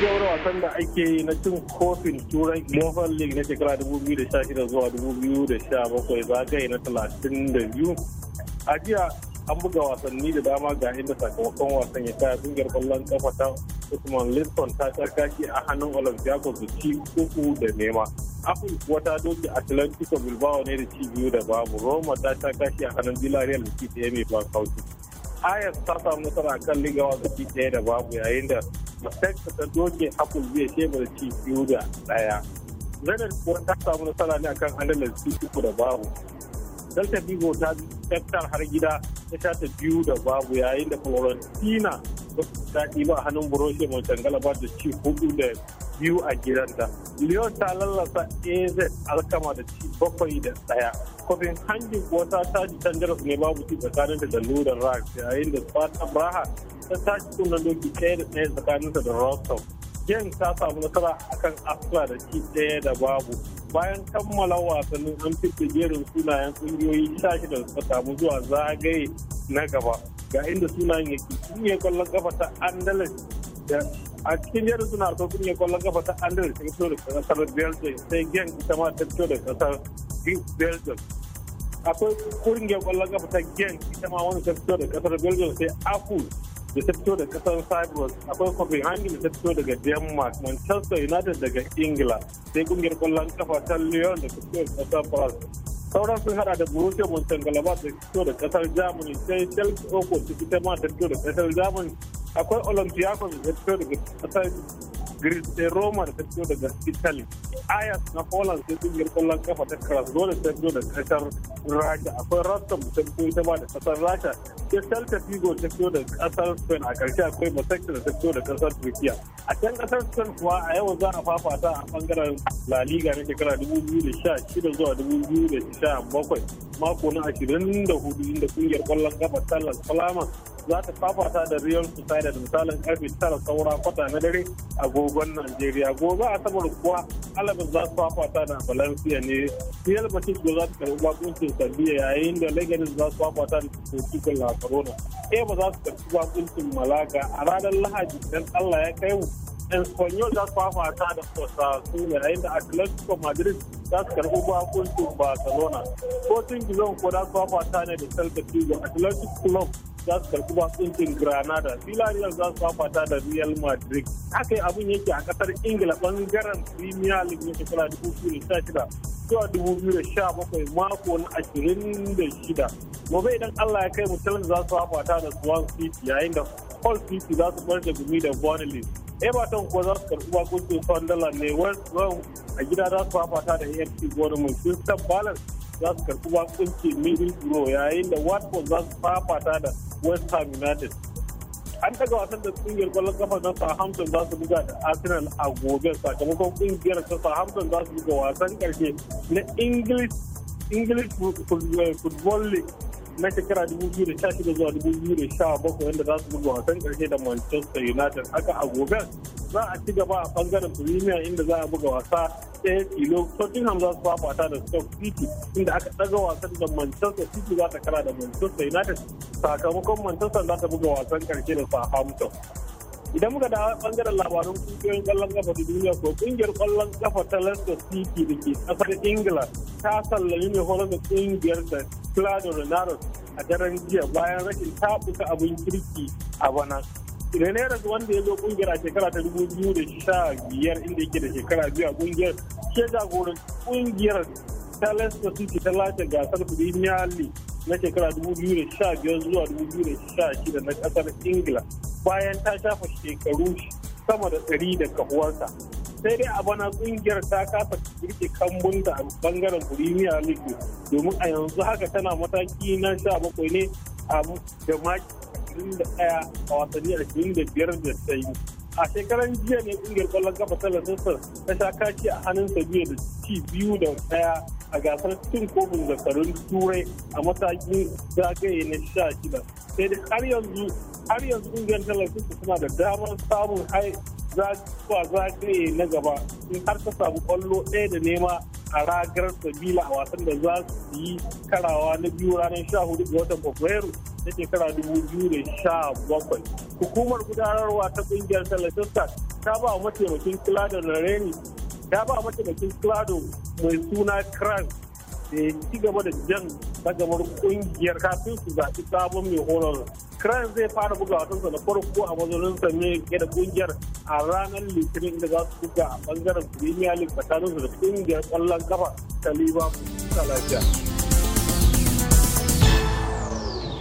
gaugawar wasan da ake yi na cin kofin turai mobile league na shekara 2016 zuwa 2017 zagaye na 32 a jiya an buga wasanni da dama ga inda sakamakon wasan ya kaya kungiyar kwallon kafa ta usman liston ta shi a hannun olympiakos da ci uku da nema afin kuwa ta doke atlantico bilbao ne da ci biyu da babu roma ta shi a hannun villarreal da ci daya mai ban ayas ta samu nasara kan ligawa da ci daya da babu yayin da Texas ta doge hakun zai shebara ci biyu da ɗaya. Zanar kuwa ta samu nasara ne akan Andalus ci uku da babu. Delta Vigo ta tsaftar har gida ta sha biyu da babu yayin da Florentina ta ɗiba a hannun Borussia Mönchengladbach da ci hudu da biyu a gidanta. Lyon ta lallasa AZ alkama da ci bakwai da ɗaya. Kofin hanjin kuwa ta tashi can ne babu ci tsakanin da Ludan Rags yayin da Sparta Braha ta tashi kunnen doki ɗaya da ɗaya tsakaninta da Rostov. Jen ta samu nasara a kan Astra da ci ɗaya da babu. Bayan kammala wasannin an fitta jerin sunayen ƙungiyoyi sha shida da suka samu zuwa zagaye na gaba. Ga inda sunayen yake kungiyar kwallon kafa ta Andalus da a cikin jerin suna akwai kungiyar kwallon kafa ta Andalus ta fito da kasar Belgium sai Gen ita ma ta fito da kasar Belgium. Akwai kungiyar kwallon kafa ta Gen ita ma wani ta fito da kasar Belgium sai Apple da ta fito da kasar cyprus akwai copenhagen da ta fito daga denmark manchester united daga ingila sai kungiyar kwallon kafa ta lyon da ta fito da kasar france sauran sun hada da borussia mönchengladbach da fito da kasar germany sai chelsea oko ta fito ma ta fito da kasar germany akwai olympiacos da ta fito daga kasar Greece sai Roma da ta fito daga Italy. Ayas na Poland sai kungiyar kwallon kafa ta Krasnodar ta fito da kasar Rasha. Akwai rastan ta fito ita ba da kasar Rasha. Sai Celta Vigo ta fito da kasar Spain a karshe akwai Basakta da ta fito da kasar Turkiya. A can kasar Spain kuwa a yau za a fafata a bangaren La Liga na shekara 2016 zuwa 2017 mako na 24 inda kungiyar kwallon kafa ta Las za ta fafata da Real da misalin ta tara saura kwata na dare agogon Najeriya. Gobe Asabar kuwa Alabas za su fafata da Valencia ne. Real batis ko za ta karɓi bakuncin Sabiya yayin da Leganes za su fafata da Portugal na Corona. ba za su karɓi bakuncin Malaga a ranar Lahadi idan Allah ya kai mu. Espanyol za su fafata da Osasuna yayin da Atletico Madrid za su karɓi bakuncin Barcelona. Sporting Gizon ko za su fafata ne da Celta Vigo. atlantic Club za su karɓi bakuncin granada villarreal za su fafata da real madrid haka yi abin yake a kasar ingila bangaren premier league na shekara 2016 zuwa 2017 mako na 26 gobe idan allah ya kai mu za su fafata da swan city yayin da hull city za su bar da gumi da burnley everton kuwa za su karɓi bakuncin sunderland ne west a gida za su fafata da afc bournemouth sun palace za su karɓi bakuncin middlesbrough yayin da watford za su fafata da west ham united an daga wasan da kungiyar kwallon kafa na Southampton za su buga da Arsenal a gobe sakamakon kungiyar ta Southampton za su buga wasan karshe na English English eh, Football League na shekara 2016 zuwa 2017 wanda za su buga wasan karshe da Manchester United haka a gobe za a ci gaba a bangaren Premier inda za a buga wasa ɗaya tilo Tottenham za su fafata da Stoke City inda aka ɗaga wasan da Manchester City za ta kara da Manchester United sakamakon Manchester za ta buga wasan karshe da Southampton. idan muka dawo bangaren labarin kungiyoyin kallon kafa da duniya ko kungiyar kwallon kafa ta Leicester City da ke kasar Ingila ta sallami ne horar da kungiyar da Claudio Ranieri a daren jiya bayan rashin tabuka abin kirki a bana Rene wanda ya zo kungiyar a shekara ta dubu biyu da sha biyar inda yake da shekara biyu a kungiyar ke jagoran kungiyar Talasta City ta lata gasar Premier League na shekara dubu biyu da sha biyar zuwa dubu biyu da sha shida na kasar Ingila bayan ta shafa shekaru sama da ɗari da kahuwarsa. sai dai a bana kungiyar ta kasa girke kambun da bangaren Premier League domin a yanzu haka tana mataki na sha bakwai ne da maki a wasanni da a shekaran jiya ne kungiyar kwallon kafa ta Leicester ta sha kashi a hannun Sevilla da ci biyu da daya a gasar cin kofin zakarun turai a matakin zagaye na sha shida sai da har yanzu har yanzu kungiyar ta Leicester suna da damar samun hai zagaye na gaba in har ta samu kwallo ɗaya da nema a ragar sabila a wasan da za su yi karawa na biyu ranar sha hudu ga watan fabrairu na shekara dubu biyu da sha bakwai hukumar gudanarwa ta kungiyar telesista ta ba mataimakin kilado na reni ta ba mataimakin kilado mai suna kran da ya ci gaba da jan dagamar kungiyar kafin su zaɓi sabon mai horar Kran zai fara buga wasansa na farko a mazaunin sa ne ke da kungiyar a ranar Litinin da za su buga a bangaren Premier League tsakaninsu da kungiyar kwallon kafa ta Liverpool ta lafiya.